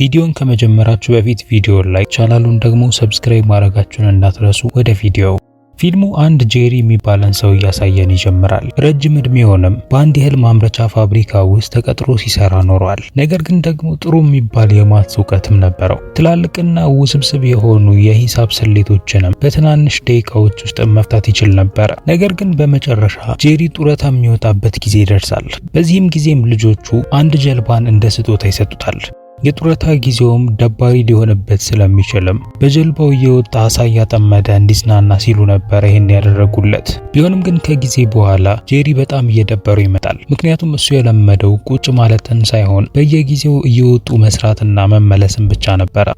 ቪዲዮን ከመጀመራችሁ በፊት ቪዲዮ ላይ ቻናሉን ደግሞ ሰብስክራይብ ማድረጋችሁን እንዳትረሱ። ወደ ቪዲዮው ፊልሙ አንድ ጄሪ የሚባለን ሰው እያሳየን ይጀምራል። ረጅም እድሜ ሆነም በአንድ የእህል ማምረቻ ፋብሪካ ውስጥ ተቀጥሮ ሲሰራ ኖሯል። ነገር ግን ደግሞ ጥሩ የሚባል የማት እውቀትም ነበረው። ትላልቅና ውስብስብ የሆኑ የሂሳብ ስሌቶችንም በትናንሽ ደቂቃዎች ውስጥ መፍታት ይችል ነበር። ነገር ግን በመጨረሻ ጄሪ ጡረታ የሚወጣበት ጊዜ ይደርሳል። በዚህም ጊዜም ልጆቹ አንድ ጀልባን እንደ ስጦታ ይሰጡታል። የጡረታ ጊዜውም ደባሪ ሊሆንበት ስለሚችልም በጀልባው እየወጣ አሳ እያጠመደ እንዲዝናና ሲሉ ነበር ይህን ያደረጉለት። ቢሆንም ግን ከጊዜ በኋላ ጄሪ በጣም እየደበረው ይመጣል። ምክንያቱም እሱ የለመደው ቁጭ ማለትን ሳይሆን በየጊዜው እየወጡ መስራትና መመለስን ብቻ ነበረ።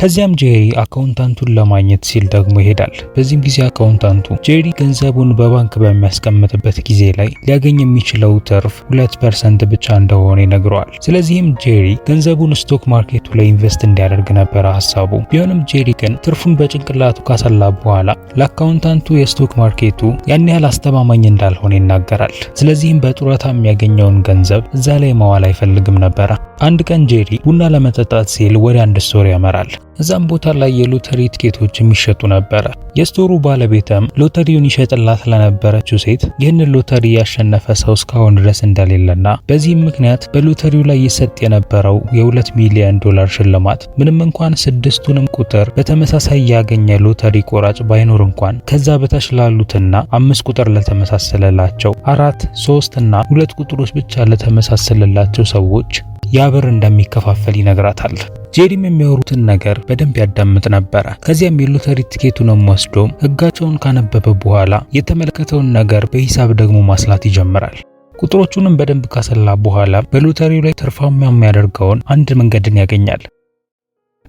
ከዚያም ጄሪ አካውንታንቱን ለማግኘት ሲል ደግሞ ይሄዳል። በዚህም ጊዜ አካውንታንቱ ጄሪ ገንዘቡን በባንክ በሚያስቀምጥበት ጊዜ ላይ ሊያገኝ የሚችለው ትርፍ ሁለት ፐርሰንት ብቻ እንደሆነ ይነግረዋል። ስለዚህም ጄሪ ገንዘቡን ስቶክ ማርኬቱ ላይ ኢንቨስት እንዲያደርግ ነበረ ሀሳቡ። ቢሆንም ጄሪ ግን ትርፉን በጭንቅላቱ ካሰላ በኋላ ለአካውንታንቱ የስቶክ ማርኬቱ ያን ያህል አስተማማኝ እንዳልሆነ ይናገራል። ስለዚህም በጡረታ የሚያገኘውን ገንዘብ እዛ ላይ መዋል አይፈልግም ነበረ። አንድ ቀን ጄሪ ቡና ለመጠጣት ሲል ወደ አንድ ስቶር ያመራል። እዛም ቦታ ላይ የሎተሪ ትኬቶች የሚሸጡ ነበረ። የስቶሩ ባለቤትም ሎተሪውን ይሸጥላት ለነበረችው ሴት ይህንን ሎተሪ ያሸነፈ ሰው እስካሁን ድረስ እንደሌለና በዚህም ምክንያት በሎተሪው ላይ ይሰጥ የነበረው የሁለት ሚሊዮን ዶላር ሽልማት ምንም እንኳን ስድስቱንም ቁጥር በተመሳሳይ ያገኘ ሎተሪ ቆራጭ ባይኖር እንኳን ከዛ በታች ላሉትና አምስት ቁጥር ለተመሳሰለላቸው አራት፣ ሶስት እና ሁለት ቁጥሮች ብቻ ለተመሳሰለላቸው ሰዎች ያ ብር እንደሚከፋፈል ይነግራታል። ጄዲም የሚያወሩትን ነገር በደንብ ያዳምጥ ነበረ። ከዚያም የሎተሪ ቲኬቱንም ወስዶ ህጋቸውን ካነበበ በኋላ የተመለከተውን ነገር በሂሳብ ደግሞ ማስላት ይጀምራል። ቁጥሮቹንም በደንብ ካሰላ በኋላ በሎተሪው ላይ ትርፋማ የሚያደርገውን አንድ መንገድን ያገኛል።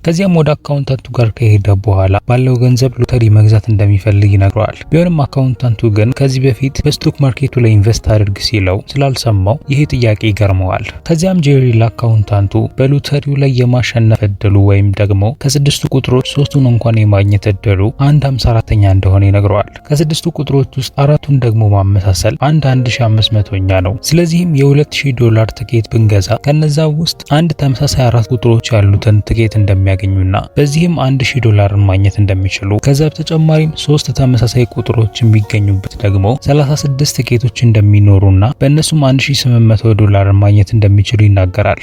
ከዚያም ወደ አካውንታንቱ ጋር ከሄደ በኋላ ባለው ገንዘብ ሎተሪ መግዛት እንደሚፈልግ ይነግረዋል። ቢሆንም አካውንታንቱ ግን ከዚህ በፊት በስቶክ ማርኬቱ ላይ ኢንቨስት አድርግ ሲለው ስላልሰማው ይሄ ጥያቄ ይገርመዋል። ከዚያም ጄሪ ለአካውንታንቱ በሎተሪው ላይ የማሸነፍ እድሉ ወይም ደግሞ ከስድስቱ ቁጥሮች ሶስቱን እንኳን የማግኘት እድሉ አንድ ሃምሳ አራተኛ እንደሆነ ይነግረዋል። ከስድስቱ ቁጥሮች ውስጥ አራቱን ደግሞ ማመሳሰል አንድ አንድ ሺ አምስት መቶኛ ነው። ስለዚህም የሁለት ሺህ ዶላር ትኬት ብንገዛ ከነዛ ውስጥ አንድ ተመሳሳይ አራት ቁጥሮች ያሉትን ትኬት እንደሚያ እንደሚያገኙና በዚህም አንድ ሺህ ዶላርን ማግኘት እንደሚችሉ ከዛ በተጨማሪም ሶስት ተመሳሳይ ቁጥሮች የሚገኙበት ደግሞ 36 ትኬቶች እንደሚኖሩና በእነሱም 1800 ዶላርን ማግኘት እንደሚችሉ ይናገራል።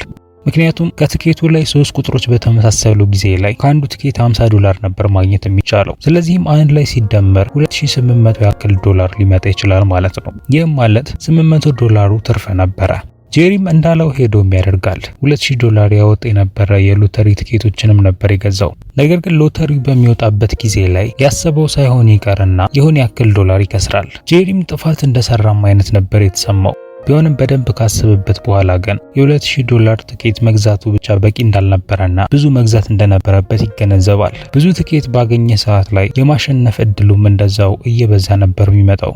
ምክንያቱም ከትኬቱ ላይ ሶስት ቁጥሮች በተመሳሰሉ ጊዜ ላይ ከአንዱ ትኬት 50 ዶላር ነበር ማግኘት የሚቻለው። ስለዚህም አንድ ላይ ሲደመር 2800 ያክል ዶላር ሊመጣ ይችላል ማለት ነው። ይህም ማለት 800 ዶላሩ ትርፍ ነበረ። ጄሪም እንዳለው ሄዶም ያደርጋል። ሁለት ዶላር ያወጥ የነበረ የሎተሪ ትኬቶችንም ነበር የገዛው። ነገር ግን ሎተሪው በሚወጣበት ጊዜ ላይ ያሰበው ሳይሆን ይቀርና ይሁን ያክል ዶላር ይከስራል። ጄሪም ጥፋት እንደሰራም አይነት ነበር የተሰማው። ቢሆንም በደንብ ካሰበበት በኋላ ግን የ2000 ዶላር ትኬት መግዛቱ ብቻ በቂ እንዳልነበረና ብዙ መግዛት እንደነበረበት ይገነዘባል። ብዙ ትኬት ባገኘ ሰዓት ላይ የማሸነፍ እድሉም እንደዛው እየበዛ ነበር የሚመጣው።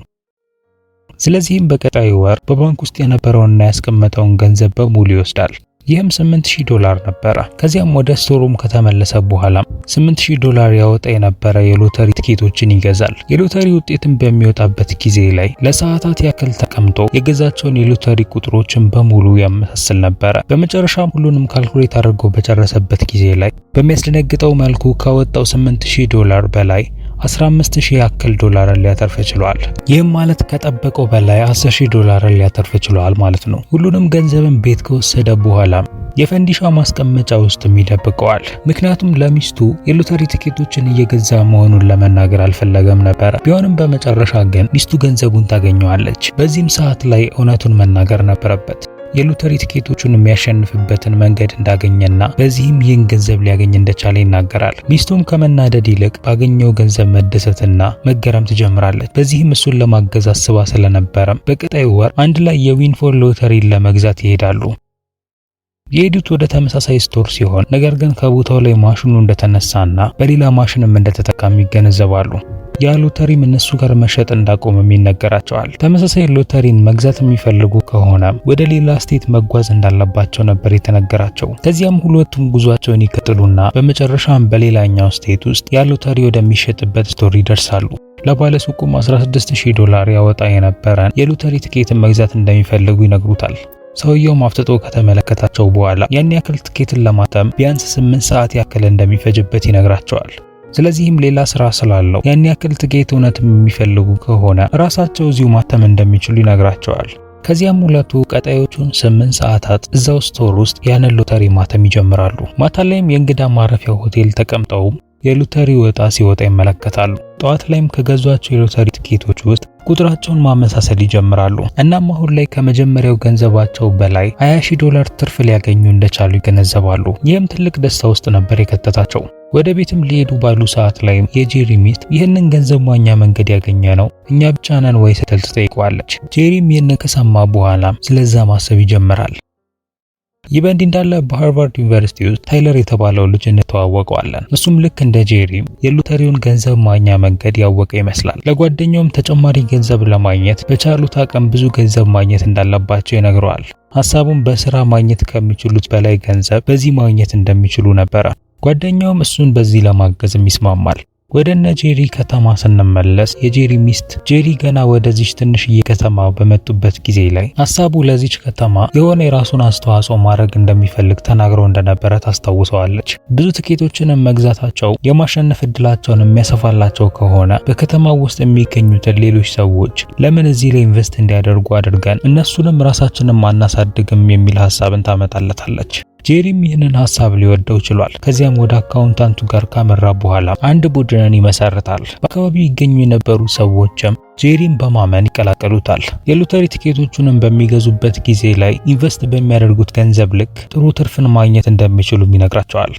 ስለዚህም በቀጣዩ ወር በባንክ ውስጥ የነበረውንና ያስቀመጠውን ገንዘብ በሙሉ ይወስዳል። ይህም 8000 ዶላር ነበረ። ከዚያም ወደ ስቶሩም ከተመለሰ በኋላ 8000 ዶላር ያወጣ የነበረ የሎተሪ ትኬቶችን ይገዛል። የሎተሪ ውጤትን በሚወጣበት ጊዜ ላይ ለሰዓታት ያክል ተቀምጦ የገዛቸውን የሎተሪ ቁጥሮችን በሙሉ ያመሳስል ነበረ። በመጨረሻም ሁሉንም ካልኩሌት አድርጎ በጨረሰበት ጊዜ ላይ በሚያስደነግጠው መልኩ ካወጣው 8000 ዶላር በላይ 15000 ያክል ዶላርን ሊያተርፍ ችሏል። ይህም ማለት ከጠበቀው በላይ 10000 ዶላርን ሊያተርፍ ችሏል ማለት ነው። ሁሉንም ገንዘብን ቤት ከወሰደ በኋላ የፈንዲሻ ማስቀመጫ ውስጥም ይደብቀዋል። ምክንያቱም ለሚስቱ የሎተሪ ቲኬቶችን እየገዛ መሆኑን ለመናገር አልፈለገም ነበር። ቢሆንም በመጨረሻ ግን ሚስቱ ገንዘቡን ታገኘዋለች። በዚህም ሰዓት ላይ እውነቱን መናገር ነበረበት። የሎተሪ ትኬቶቹን የሚያሸንፍበትን መንገድ እንዳገኘና በዚህም ይህን ገንዘብ ሊያገኝ እንደቻለ ይናገራል። ሚስቱም ከመናደድ ይልቅ ባገኘው ገንዘብ መደሰትና መገረም ትጀምራለች። በዚህም እሱን ለማገዝ አስባ ስለነበረም በቀጣዩ ወር አንድ ላይ የዊንፎር ሎተሪን ለመግዛት ይሄዳሉ። የሄዱት ወደ ተመሳሳይ ስቶር ሲሆን ነገር ግን ከቦታው ላይ ማሽኑ እንደተነሳና በሌላ ማሽንም እንደተጠቃሚ ይገነዘባሉ። ያ ሎተሪም እነሱ ጋር መሸጥ እንዳቆምም ይነገራቸዋል። ተመሳሳይ ሎተሪን መግዛት የሚፈልጉ ከሆነ ወደ ሌላ ስቴት መጓዝ እንዳለባቸው ነበር የተነገራቸው። ከዚያም ሁለቱም ጉዟቸውን ይቀጥሉና በመጨረሻም በሌላኛው ስቴት ውስጥ ያ ሎተሪ ወደሚሸጥበት ስቶር ይደርሳሉ። ለባለሱቁም 16000 ዶላር ያወጣ የነበረን የሎተሪ ትኬትን መግዛት እንደሚፈልጉ ይነግሩታል። ሰውየውም አፍጥጦ ከተመለከታቸው በኋላ ያን ያክል ትኬትን ለማተም ቢያንስ 8 ሰዓት ያክል እንደሚፈጅበት ይነግራቸዋል። ስለዚህም ሌላ ስራ ስላለው ያን ያክል ትኬት እውነት የሚፈልጉ ከሆነ ራሳቸው እዚሁ ማተም እንደሚችሉ ይነግራቸዋል። ከዚያም ሁለቱ ቀጣዮቹን ስምንት ሰዓታት እዛው ስቶር ውስጥ ያንን ሎተሪ ማተም ይጀምራሉ። ማታ ላይም የእንግዳ ማረፊያ ሆቴል ተቀምጠው የሎተሪ ወጣ ሲወጣ ይመለከታሉ። ጠዋት ላይም ከገዟቸው የሎተሪ ትኬቶች ውስጥ ቁጥራቸውን ማመሳሰል ይጀምራሉ። እናም አሁን ላይ ከመጀመሪያው ገንዘባቸው በላይ 20 ሺህ ዶላር ትርፍ ሊያገኙ እንደቻሉ ይገነዘባሉ። ይህም ትልቅ ደስታ ውስጥ ነበር የከተታቸው። ወደ ቤትም ሊሄዱ ባሉ ሰዓት ላይ የጄሪ ሚስት ይህንን ገንዘብ ማኛ መንገድ ያገኘ ነው እኛ ብቻ ነን ወይ ስትል ትጠይቋለች። ጄሪም ይህን ከሰማ በኋላ ስለዛ ማሰብ ይጀምራል። ይህ በእንዲህ እንዳለ በሃርቫርድ ዩኒቨርሲቲ ውስጥ ታይለር የተባለው ልጅ እንተዋወቀዋለን። እሱም ልክ እንደ ጄሪ የሎተሪውን ገንዘብ ማግኛ መንገድ ያወቀ ይመስላል። ለጓደኛውም ተጨማሪ ገንዘብ ለማግኘት በቻሉት አቅም ብዙ ገንዘብ ማግኘት እንዳለባቸው ይነግረዋል። ሀሳቡም በስራ ማግኘት ከሚችሉት በላይ ገንዘብ በዚህ ማግኘት እንደሚችሉ ነበረ። ጓደኛውም እሱን በዚህ ለማገዝም ይስማማል። ወደ እነ ጄሪ ከተማ ስንመለስ የጄሪ ሚስት ጄሪ ገና ወደዚች ትንሽዬ ከተማ በመጡበት ጊዜ ላይ ሀሳቡ ለዚች ከተማ የሆነ የራሱን አስተዋጽኦ ማድረግ እንደሚፈልግ ተናግረው እንደነበረ ታስታውሰዋለች። ብዙ ትኬቶችንም መግዛታቸው የማሸነፍ እድላቸውን የሚያሰፋላቸው ከሆነ በከተማው ውስጥ የሚገኙትን ሌሎች ሰዎች ለምን እዚህ ላይ ኢንቨስት እንዲያደርጉ አድርገን እነሱንም ራሳችንን አናሳድግም የሚል ሀሳብን ታመጣለታለች። ጄሪም ይህንን ሀሳብ ሊወደው ችሏል። ከዚያም ወደ አካውንታንቱ ጋር ካመራ በኋላ አንድ ቡድንን ይመሰርታል። በአካባቢው ይገኙ የነበሩ ሰዎችም ጄሪም በማመን ይቀላቀሉታል። የሎተሪ ቲኬቶቹንም በሚገዙበት ጊዜ ላይ ኢንቨስት በሚያደርጉት ገንዘብ ልክ ጥሩ ትርፍን ማግኘት እንደሚችሉም ይነግራቸዋል።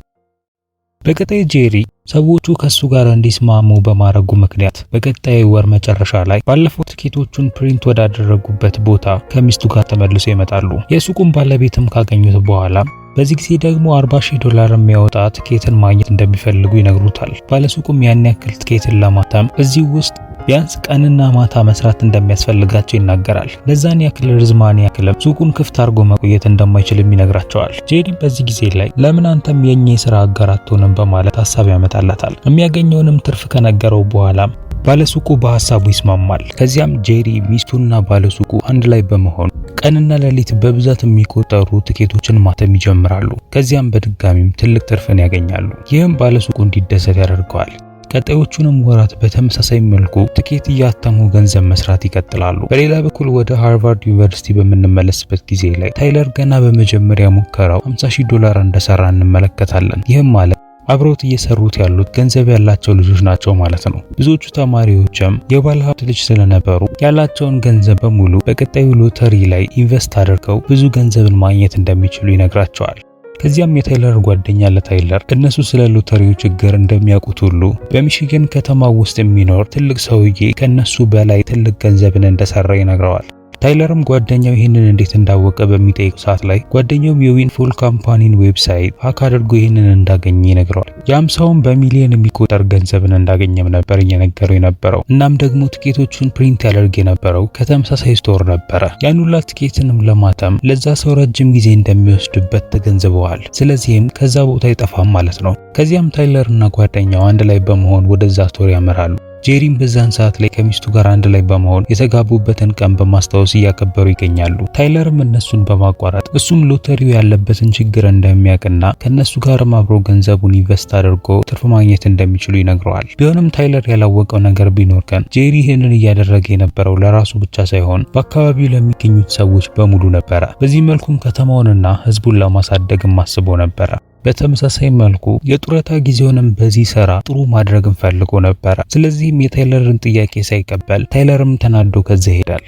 በቀጣይ ጄሪ ሰዎቹ ከሱ ጋር እንዲስማሙ በማድረጉ ምክንያት በቀጣይ ወር መጨረሻ ላይ ባለፈው ትኬቶቹን ፕሪንት ወዳደረጉበት ቦታ ከሚስቱ ጋር ተመልሶ ይመጣሉ። የሱቁን ባለቤትም ካገኙት በኋላ በዚህ ጊዜ ደግሞ 40 ሺህ ዶላር የሚያወጣ ትኬትን ማግኘት እንደሚፈልጉ ይነግሩታል። ባለሱቁም ያን ያክል ትኬትን ለማታም እዚህ ውስጥ ቢያንስ ቀንና ማታ መስራት እንደሚያስፈልጋቸው ይናገራል። ለዛን ያክል ርዝማን ያክልም ሱቁን ክፍት አድርጎ መቆየት እንደማይችልም ይነግራቸዋል። ጄዲ በዚህ ጊዜ ላይ ለምን አንተም የኛ የሥራ አጋር አትሆንም በማለት ሀሳብ ያመጣላታል። የሚያገኘውንም ትርፍ ከነገረው በኋላም ባለሱቁ በሀሳቡ ይስማማል። ከዚያም ጄሪ ሚስቱና ባለሱቁ አንድ ላይ በመሆን ቀንና ሌሊት በብዛት የሚቆጠሩ ትኬቶችን ማተም ይጀምራሉ። ከዚያም በድጋሚም ትልቅ ትርፍን ያገኛሉ። ይህም ባለሱቁ እንዲደሰት ያደርገዋል። ቀጣዮቹንም ወራት በተመሳሳይ መልኩ ትኬት እያተሙ ገንዘብ መስራት ይቀጥላሉ። በሌላ በኩል ወደ ሃርቫርድ ዩኒቨርሲቲ በምንመለስበት ጊዜ ላይ ታይለር ገና በመጀመሪያ ሙከራው 50 ሺህ ዶላር እንደሰራ እንመለከታለን። ይህም ማለት አብረውት እየሰሩት ያሉት ገንዘብ ያላቸው ልጆች ናቸው ማለት ነው። ብዙዎቹ ተማሪዎችም የባለሀብት ልጅ ስለነበሩ ያላቸውን ገንዘብ በሙሉ በቀጣዩ ሎተሪ ላይ ኢንቨስት አድርገው ብዙ ገንዘብን ማግኘት እንደሚችሉ ይነግራቸዋል። ከዚያም የታይለር ጓደኛ ለታይለር እነሱ ስለ ሎተሪው ችግር እንደሚያውቁት ሁሉ በሚሽገን ከተማ ውስጥ የሚኖር ትልቅ ሰውዬ ከነሱ በላይ ትልቅ ገንዘብን እንደሰራ ይነግረዋል። ታይለርም ጓደኛው ይህንን እንዴት እንዳወቀ በሚጠይቅ ሰዓት ላይ ጓደኛውም የዊንፎል ካምፓኒን ዌብሳይት ሀክ አድርጎ ይህንን እንዳገኘ ይነግረዋል። ያም ሰውም በሚሊዮን የሚቆጠር ገንዘብን እንዳገኘም ነበር እየነገረው የነበረው። እናም ደግሞ ትኬቶቹን ፕሪንት ያደርግ የነበረው ከተመሳሳይ ስቶር ነበረ። ያን ሁላ ትኬትንም ለማተም ለዛ ሰው ረጅም ጊዜ እንደሚወስድበት ተገንዝበዋል። ስለዚህም ከዛ ቦታ አይጠፋም ማለት ነው። ከዚያም ታይለርና ጓደኛው አንድ ላይ በመሆን ወደዛ ስቶር ያመራሉ። ጄሪም በዛን ሰዓት ላይ ከሚስቱ ጋር አንድ ላይ በመሆን የተጋቡበትን ቀን በማስታወስ እያከበሩ ይገኛሉ። ታይለርም እነሱን በማቋረጥ እሱም ሎተሪው ያለበትን ችግር እንደሚያውቅና ከነሱ ጋርም አብሮ ገንዘቡን ኢንቨስት አድርጎ ትርፍ ማግኘት እንደሚችሉ ይነግረዋል። ቢሆንም ታይለር ያላወቀው ነገር ቢኖር ግን ጄሪ ይህንን እያደረገ የነበረው ለራሱ ብቻ ሳይሆን በአካባቢው ለሚገኙት ሰዎች በሙሉ ነበረ። በዚህ መልኩም ከተማውንና ህዝቡን ለማሳደግም አስቦ ነበረ። በተመሳሳይ መልኩ የጡረታ ጊዜውንም በዚህ ስራ ጥሩ ማድረግን ፈልጎ ነበረ። ስለዚህም የታይለርን ጥያቄ ሳይቀበል ታይለርም ተናዶ ከዚህ ይሄዳል።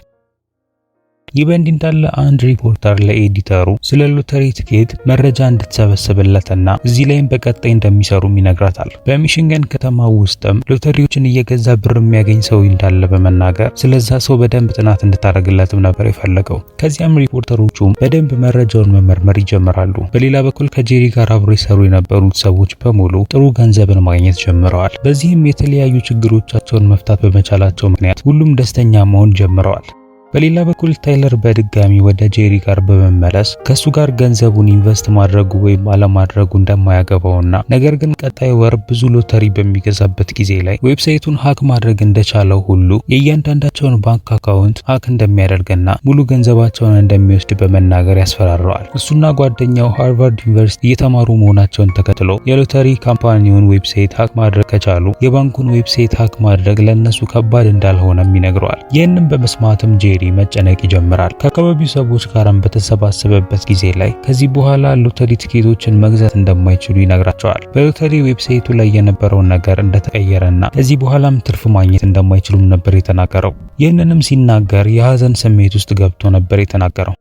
ይህ በእንዲህ እንዳለ አንድ ሪፖርተር ለኤዲተሩ ስለ ሎተሪ ትኬት መረጃ እንድትሰበስብለትና እዚህ ላይም በቀጣይ እንደሚሰሩም ይነግራታል። በሚሽንገን ከተማ ውስጥም ሎተሪዎችን እየገዛ ብር የሚያገኝ ሰው እንዳለ በመናገር ስለዛ ሰው በደንብ ጥናት እንድታደርግለትም ነበር የፈለገው። ከዚያም ሪፖርተሮቹም በደንብ መረጃውን መመርመር ይጀምራሉ። በሌላ በኩል ከጄሪ ጋር አብሮ የሰሩ የነበሩት ሰዎች በሙሉ ጥሩ ገንዘብን ማግኘት ጀምረዋል። በዚህም የተለያዩ ችግሮቻቸውን መፍታት በመቻላቸው ምክንያት ሁሉም ደስተኛ መሆን ጀምረዋል። በሌላ በኩል ታይለር በድጋሚ ወደ ጄሪ ጋር በመመለስ ከሱ ጋር ገንዘቡን ኢንቨስት ማድረጉ ወይም አለማድረጉ እንደማያገባውና ነገር ግን ቀጣይ ወር ብዙ ሎተሪ በሚገዛበት ጊዜ ላይ ዌብሳይቱን ሀክ ማድረግ እንደቻለው ሁሉ የእያንዳንዳቸውን ባንክ አካውንት ሀክ እንደሚያደርግና ሙሉ ገንዘባቸውን እንደሚወስድ በመናገር ያስፈራረዋል። እሱና ጓደኛው ሃርቫርድ ዩኒቨርሲቲ እየተማሩ መሆናቸውን ተከትሎ የሎተሪ ካምፓኒውን ዌብሳይት ሀክ ማድረግ ከቻሉ የባንኩን ዌብሳይት ሀክ ማድረግ ለእነሱ ከባድ እንዳልሆነም ይነግረዋል። ይህንም በመስማትም ጄሪ ሜሪ መጨነቅ ይጀምራል። ከአካባቢው ሰዎች ጋርም በተሰባሰበበት ጊዜ ላይ ከዚህ በኋላ ሎተሪ ትኬቶችን መግዛት እንደማይችሉ ይነግራቸዋል። በሎተሪ ዌብሳይቱ ላይ የነበረውን ነገር እንደተቀየረና ከዚህ በኋላም ትርፍ ማግኘት እንደማይችሉም ነበር የተናገረው። ይህንንም ሲናገር የሀዘን ስሜት ውስጥ ገብቶ ነበር የተናገረው።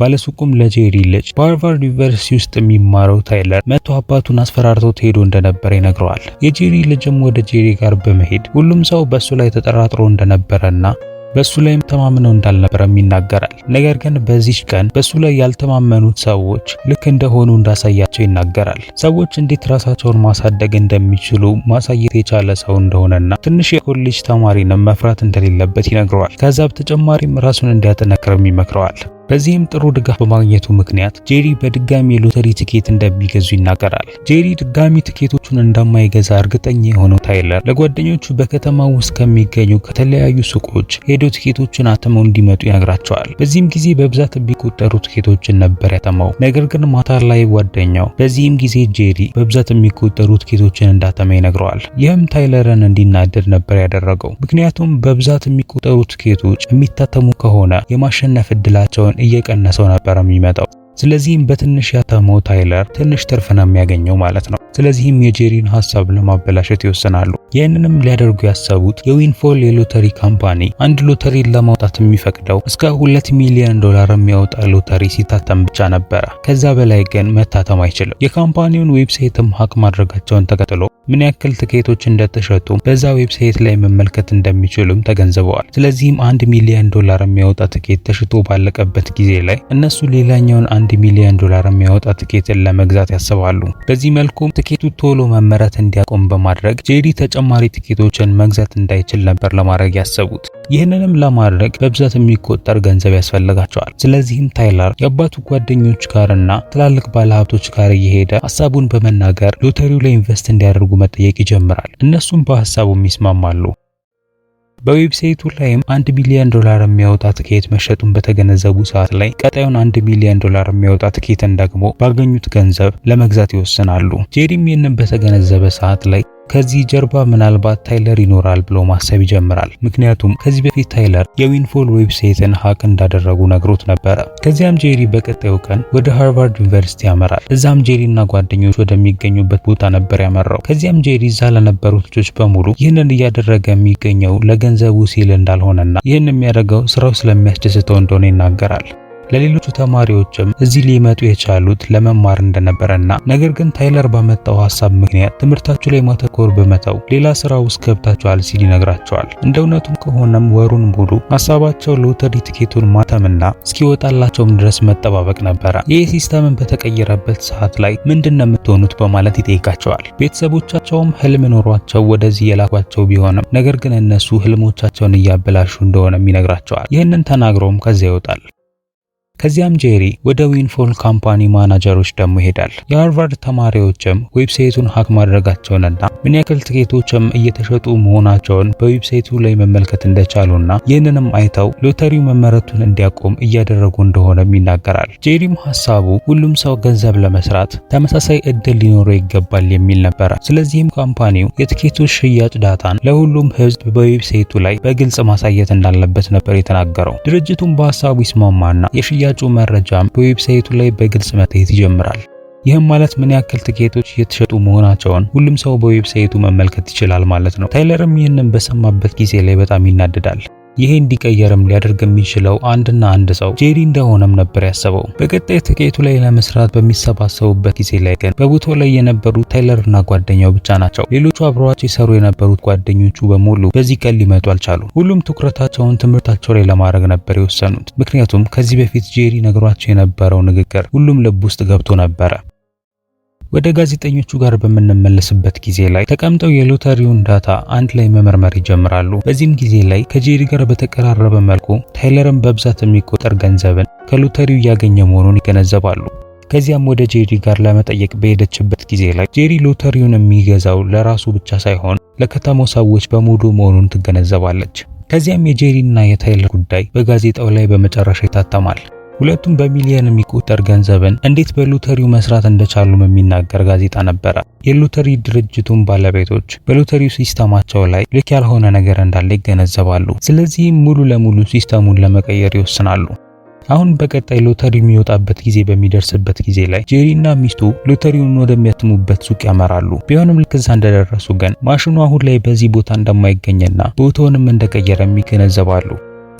ባለሱቁም ለጄሪ ልጅ በሃርቫርድ ዩኒቨርሲቲ ውስጥ የሚማረው ታይለር መቶ አባቱን አስፈራርቶት ተሄዶ እንደነበረ ይነግረዋል። የጄሪ ልጅም ወደ ጄሪ ጋር በመሄድ ሁሉም ሰው በእሱ ላይ ተጠራጥሮ እንደነበረና በእሱ ላይም ተማምነው እንዳልነበረም ይናገራል። ነገር ግን በዚች ቀን በእሱ ላይ ያልተማመኑት ሰዎች ልክ እንደሆኑ እንዳሳያቸው ይናገራል። ሰዎች እንዴት ራሳቸውን ማሳደግ እንደሚችሉ ማሳየት የቻለ ሰው እንደሆነና ትንሽ የኮሌጅ ተማሪንም መፍራት እንደሌለበት ይነግረዋል። ከዛ በተጨማሪም ራሱን እንዲያጠነክርም ይመክረዋል። በዚህም ጥሩ ድጋፍ በማግኘቱ ምክንያት ጄሪ በድጋሚ የሎተሪ ትኬት እንደሚገዙ ይናገራል። ጄሪ ድጋሚ ትኬቶቹን እንደማይገዛ እርግጠኛ የሆነው ታይለር ለጓደኞቹ በከተማ ውስጥ ከሚገኙ ከተለያዩ ሱቆች ሄዶ ትኬቶቹን አትመው እንዲመጡ ይነግራቸዋል። በዚህም ጊዜ በብዛት የሚቆጠሩ ትኬቶችን ነበር ያተመው። ነገር ግን ማታ ላይ ጓደኛው በዚህም ጊዜ ጄሪ በብዛት የሚቆጠሩ ትኬቶችን እንዳተመ ይነግረዋል። ይህም ታይለርን እንዲናደድ ነበር ያደረገው። ምክንያቱም በብዛት የሚቆጠሩ ትኬቶች የሚታተሙ ከሆነ የማሸነፍ እድላቸውን እየቀነሰው ነበር የሚመጣው። ስለዚህም በትንሽ ያተመው ታይለር ትንሽ ትርፍ ነው የሚያገኘው ማለት ነው። ስለዚህም የጄሪን ሀሳብ ለማበላሸት ይወስናሉ። ይህንንም ሊያደርጉ ያሰቡት የዊንፎል የሎተሪ ካምፓኒ አንድ ሎተሪን ለማውጣት የሚፈቅደው እስከ ሁለት ሚሊዮን ዶላር የሚያወጣ ሎተሪ ሲታተም ብቻ ነበረ። ከዛ በላይ ግን መታተም አይችልም። የካምፓኒውን ዌብሳይትም ሀክ ማድረጋቸውን ተከትሎ ምን ያክል ትኬቶች እንደተሸጡ በዛ ዌብሳይት ላይ መመልከት እንደሚችሉም ተገንዝበዋል። ስለዚህም አንድ ሚሊዮን ዶላር የሚያወጣ ትኬት ተሽጦ ባለቀበት ጊዜ ላይ እነሱ ሌላኛውን አንድ ሚሊዮን ዶላር የሚያወጣ ትኬትን ለመግዛት ያስባሉ። በዚህ መልኩም ትኬቱ ቶሎ መመረት እንዲያቆም በማድረግ ጄዲ ተጨማሪ ትኬቶችን መግዛት እንዳይችል ነበር ለማድረግ ያሰቡት። ይህንንም ለማድረግ በብዛት የሚቆጠር ገንዘብ ያስፈልጋቸዋል። ስለዚህም ታይለር የአባቱ ጓደኞች ጋርና ትላልቅ ባለሀብቶች ጋር እየሄደ ሀሳቡን በመናገር ሎተሪው ላይ ኢንቨስት እንዲያደርጉ መጠየቅ ይጀምራል። እነሱም በሀሳቡ ይስማማሉ። በዌብሳይቱ ላይም አንድ ሚሊዮን ዶላር የሚያወጣ ትኬት መሸጡን በተገነዘቡ ሰዓት ላይ ቀጣዩን አንድ ሚሊዮን ዶላር የሚያወጣ ትኬትን ደግሞ ባገኙት ገንዘብ ለመግዛት ይወስናሉ። ጄሪም ይህንን በተገነዘበ ሰዓት ላይ ከዚህ ጀርባ ምናልባት ታይለር ይኖራል ብሎ ማሰብ ይጀምራል። ምክንያቱም ከዚህ በፊት ታይለር የዊንፎል ዌብሳይትን ሀቅ እንዳደረጉ ነግሮት ነበረ። ከዚያም ጄሪ በቀጣዩ ቀን ወደ ሃርቫርድ ዩኒቨርሲቲ ያመራል። እዛም ጄሪ እና ጓደኞች ወደሚገኙበት ቦታ ነበር ያመራው። ከዚያም ጄሪ እዛ ለነበሩት ልጆች በሙሉ ይህንን እያደረገ የሚገኘው ለገንዘቡ ሲል እንዳልሆነና ይህን የሚያደርገው ስራው ስለሚያስደስተው እንደሆነ ይናገራል። ለሌሎቹ ተማሪዎችም እዚህ ሊመጡ የቻሉት ለመማር እንደነበረና ነገር ግን ታይለር ባመጣው ሀሳብ ምክንያት ትምህርታችሁ ላይ ማተኮር በመተው ሌላ ስራ ውስጥ ገብታችኋል ሲል ይነግራቸዋል። እንደ እውነቱም ከሆነም ወሩን ሙሉ ሀሳባቸው ሎተሪ ትኬቱን ማተምና እስኪወጣላቸውም ድረስ መጠባበቅ ነበረ። ይህ ሲስተምን በተቀየረበት ሰዓት ላይ ምንድን ነው የምትሆኑት በማለት ይጠይቃቸዋል። ቤተሰቦቻቸውም ህልም ኖሯቸው ወደዚህ የላኳቸው ቢሆንም ነገር ግን እነሱ ህልሞቻቸውን እያበላሹ እንደሆነም ይነግራቸዋል። ይህንን ተናግሮም ከዚያ ይወጣል። ከዚያም ጄሪ ወደ ዊንፎል ካምፓኒ ማናጀሮች ደግሞ ይሄዳል። የሃርቫርድ ተማሪዎችም ዌብሳይቱን ሀክ ማድረጋቸውንና ምን ያክል ትኬቶችም እየተሸጡ መሆናቸውን በዌብሳይቱ ላይ መመልከት እንደቻሉና ይህንንም አይተው ሎተሪው መመረቱን እንዲያቆም እያደረጉ እንደሆነም ይናገራል። ጄሪም ሀሳቡ ሁሉም ሰው ገንዘብ ለመስራት ተመሳሳይ እድል ሊኖረው ይገባል የሚል ነበረ። ስለዚህም ካምፓኒው የትኬቶች ሽያጭ ዳታን ለሁሉም ህዝብ በዌብሳይቱ ላይ በግልጽ ማሳየት እንዳለበት ነበር የተናገረው። ድርጅቱም በሀሳቡ ይስማማና የሽያጩ መረጃም በዌብሳይቱ ላይ በግልጽ መታየት ይጀምራል። ይህም ማለት ምን ያክል ትኬቶች የተሸጡ መሆናቸውን ሁሉም ሰው በዌብሳይቱ መመልከት ይችላል ማለት ነው። ታይለርም ይህንን በሰማበት ጊዜ ላይ በጣም ይናደዳል። ይሄ እንዲቀየርም ሊያደርግ የሚችለው አንድና አንድ ሰው ጄሪ እንደሆነም ነበር ያሰበው። በቀጣይ ትኬቱ ላይ ለመስራት በሚሰባሰቡበት ጊዜ ላይ ግን በቦቶ ላይ የነበሩት ታይለርና ጓደኛው ብቻ ናቸው። ሌሎቹ አብረዋቸው የሰሩ የነበሩት ጓደኞቹ በሙሉ በዚህ ቀን ሊመጡ አልቻሉ። ሁሉም ትኩረታቸውን ትምህርታቸው ላይ ለማድረግ ነበር የወሰኑት። ምክንያቱም ከዚህ በፊት ጄሪ ነግሯቸው የነበረው ንግግር ሁሉም ልብ ውስጥ ገብቶ ነበረ። ወደ ጋዜጠኞቹ ጋር በምንመለስበት ጊዜ ላይ ተቀምጠው የሎተሪውን ዳታ አንድ ላይ መመርመር ይጀምራሉ። በዚህም ጊዜ ላይ ከጄሪ ጋር በተቀራረበ መልኩ ታይለርን በብዛት የሚቆጠር ገንዘብን ከሎተሪው እያገኘ መሆኑን ይገነዘባሉ። ከዚያም ወደ ጄሪ ጋር ለመጠየቅ በሄደችበት ጊዜ ላይ ጄሪ ሎተሪውን የሚገዛው ለራሱ ብቻ ሳይሆን ለከተማው ሰዎች በሙሉ መሆኑን ትገነዘባለች። ከዚያም የጄሪና የታይለር ጉዳይ በጋዜጣው ላይ በመጨረሻ ይታተማል። ሁለቱም በሚሊየን የሚቆጠር ገንዘብን እንዴት በሎተሪው መስራት እንደቻሉም የሚናገር ጋዜጣ ነበረ። የሎተሪ ድርጅቱን ባለቤቶች በሎተሪው ሲስተማቸው ላይ ልክ ያልሆነ ነገር እንዳለ ይገነዘባሉ። ስለዚህም ሙሉ ለሙሉ ሲስተሙን ለመቀየር ይወስናሉ። አሁን በቀጣይ ሎተሪ የሚወጣበት ጊዜ በሚደርስበት ጊዜ ላይ ጄሪና ሚስቱ ሎተሪውን ወደሚያትሙበት ሱቅ ያመራሉ። ቢሆንም ልክ እዛ እንደደረሱ ግን ማሽኑ አሁን ላይ በዚህ ቦታ እንደማይገኝና ቦታውንም እንደቀየረም ይገነዘባሉ።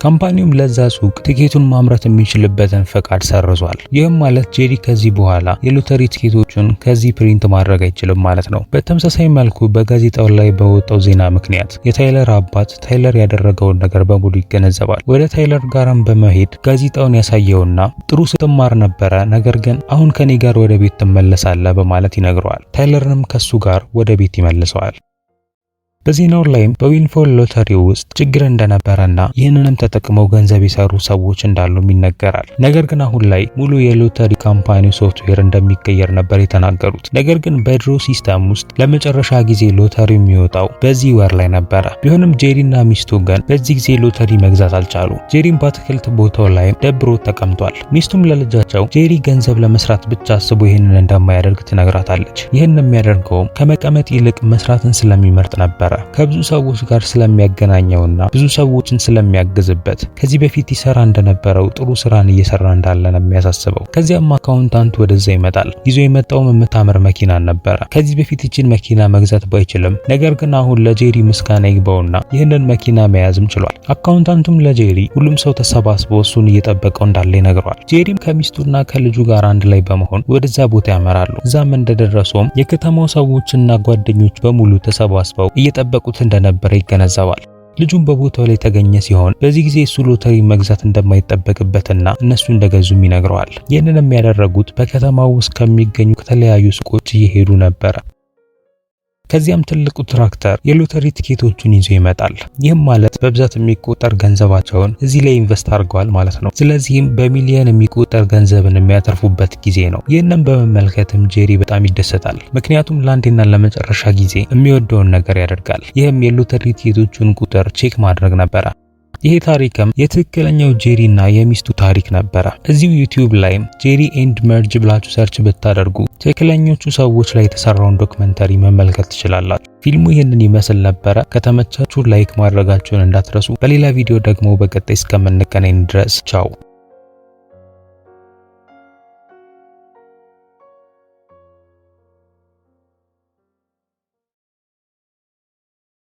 ካምፓኒውም ለዛ ሱቅ ቲኬቱን ማምረት የሚችልበትን ፈቃድ ሰርዟል። ይህም ማለት ጄዲ ከዚህ በኋላ የሎተሪ ቲኬቶቹን ከዚህ ፕሪንት ማድረግ አይችልም ማለት ነው። በተመሳሳይ መልኩ በጋዜጣው ላይ በወጣው ዜና ምክንያት የታይለር አባት ታይለር ያደረገውን ነገር በሙሉ ይገነዘባል። ወደ ታይለር ጋርም በመሄድ ጋዜጣውን ያሳየውና ጥሩ ስትማር ነበረ፣ ነገር ግን አሁን ከኔ ጋር ወደ ቤት ትመለሳለህ በማለት ይነግረዋል። ታይለርንም ከሱ ጋር ወደ ቤት ይመልሰዋል። በዜናው ላይም በዊንፎል ሎተሪ ውስጥ ችግር እንደነበረና ይህንንም ተጠቅመው ገንዘብ የሰሩ ሰዎች እንዳሉም ይነገራል። ነገር ግን አሁን ላይ ሙሉ የሎተሪ ካምፓኒ ሶፍትዌር እንደሚቀየር ነበር የተናገሩት። ነገር ግን በድሮ ሲስተም ውስጥ ለመጨረሻ ጊዜ ሎተሪ የሚወጣው በዚህ ወር ላይ ነበረ። ቢሆንም ጄሪና ሚስቱ ግን በዚህ ጊዜ ሎተሪ መግዛት አልቻሉ። ጄሪም በአትክልት ቦታው ላይም ደብሮ ተቀምጧል። ሚስቱም ለልጃቸው ጄሪ ገንዘብ ለመስራት ብቻ አስቦ ይህንን እንደማያደርግ ትነግራታለች። ይህን የሚያደርገውም ከመቀመጥ ይልቅ መስራትን ስለሚመርጥ ነበር። ነበረ። ከብዙ ሰዎች ጋር ስለሚያገናኘውና ብዙ ሰዎችን ስለሚያግዝበት ከዚህ በፊት ይሰራ እንደነበረው ጥሩ ስራን እየሰራ እንዳለ ነው የሚያሳስበው። ከዚያም አካውንታንት ወደዛ ይመጣል። ይዞ የመጣውም የምታምር መኪና ነበረ። ከዚህ በፊት ይችን መኪና መግዛት ባይችልም ነገር ግን አሁን ለጄሪ ምስጋና ይግባውና ይህንን መኪና መያዝም ችሏል። አካውንታንቱም ለጄሪ ሁሉም ሰው ተሰባስቦ እሱን እየጠበቀው እንዳለ ይነግረዋል። ጄሪም ከሚስቱና ከልጁ ጋር አንድ ላይ በመሆን ወደዛ ቦታ ያመራሉ። እዛም እንደደረሱም የከተማው ሰዎችና ጓደኞች በሙሉ ተሰባስበው እየጠ የጠበቁት እንደነበረ ይገነዘባል። ልጁም በቦታው ላይ የተገኘ ሲሆን በዚህ ጊዜ እሱ ሎተሪ መግዛት እንደማይጠበቅበትና እነሱ እንደገዙም ይነግረዋል። ይህንንም ያደረጉት በከተማው ውስጥ ከሚገኙ ከተለያዩ ሱቆች እየሄዱ ነበረ። ከዚያም ትልቁ ትራክተር የሎተሪ ቲኬቶቹን ይዞ ይመጣል። ይህም ማለት በብዛት የሚቆጠር ገንዘባቸውን እዚህ ላይ ኢንቨስት አድርገዋል ማለት ነው። ስለዚህም በሚሊየን የሚቆጠር ገንዘብን የሚያተርፉበት ጊዜ ነው። ይህንም በመመልከትም ጄሪ በጣም ይደሰታል። ምክንያቱም ለአንዴና ለመጨረሻ ጊዜ የሚወደውን ነገር ያደርጋል። ይህም የሎተሪ ቲኬቶቹን ቁጥር ቼክ ማድረግ ነበረ። ይሄ ታሪክም የትክክለኛው ጄሪ እና የሚስቱ ታሪክ ነበረ። እዚሁ ዩቲዩብ ላይም ጄሪ ኤንድ መርጅ ብላችሁ ሰርች ብታደርጉ ትክክለኞቹ ሰዎች ላይ የተሰራውን ዶክመንተሪ መመልከት ትችላላችሁ። ፊልሙ ይህንን ይመስል ነበረ። ከተመቻችሁ ላይክ ማድረጋችሁን እንዳትረሱ። በሌላ ቪዲዮ ደግሞ በቀጣይ እስከምንገናኝ ድረስ ቻው።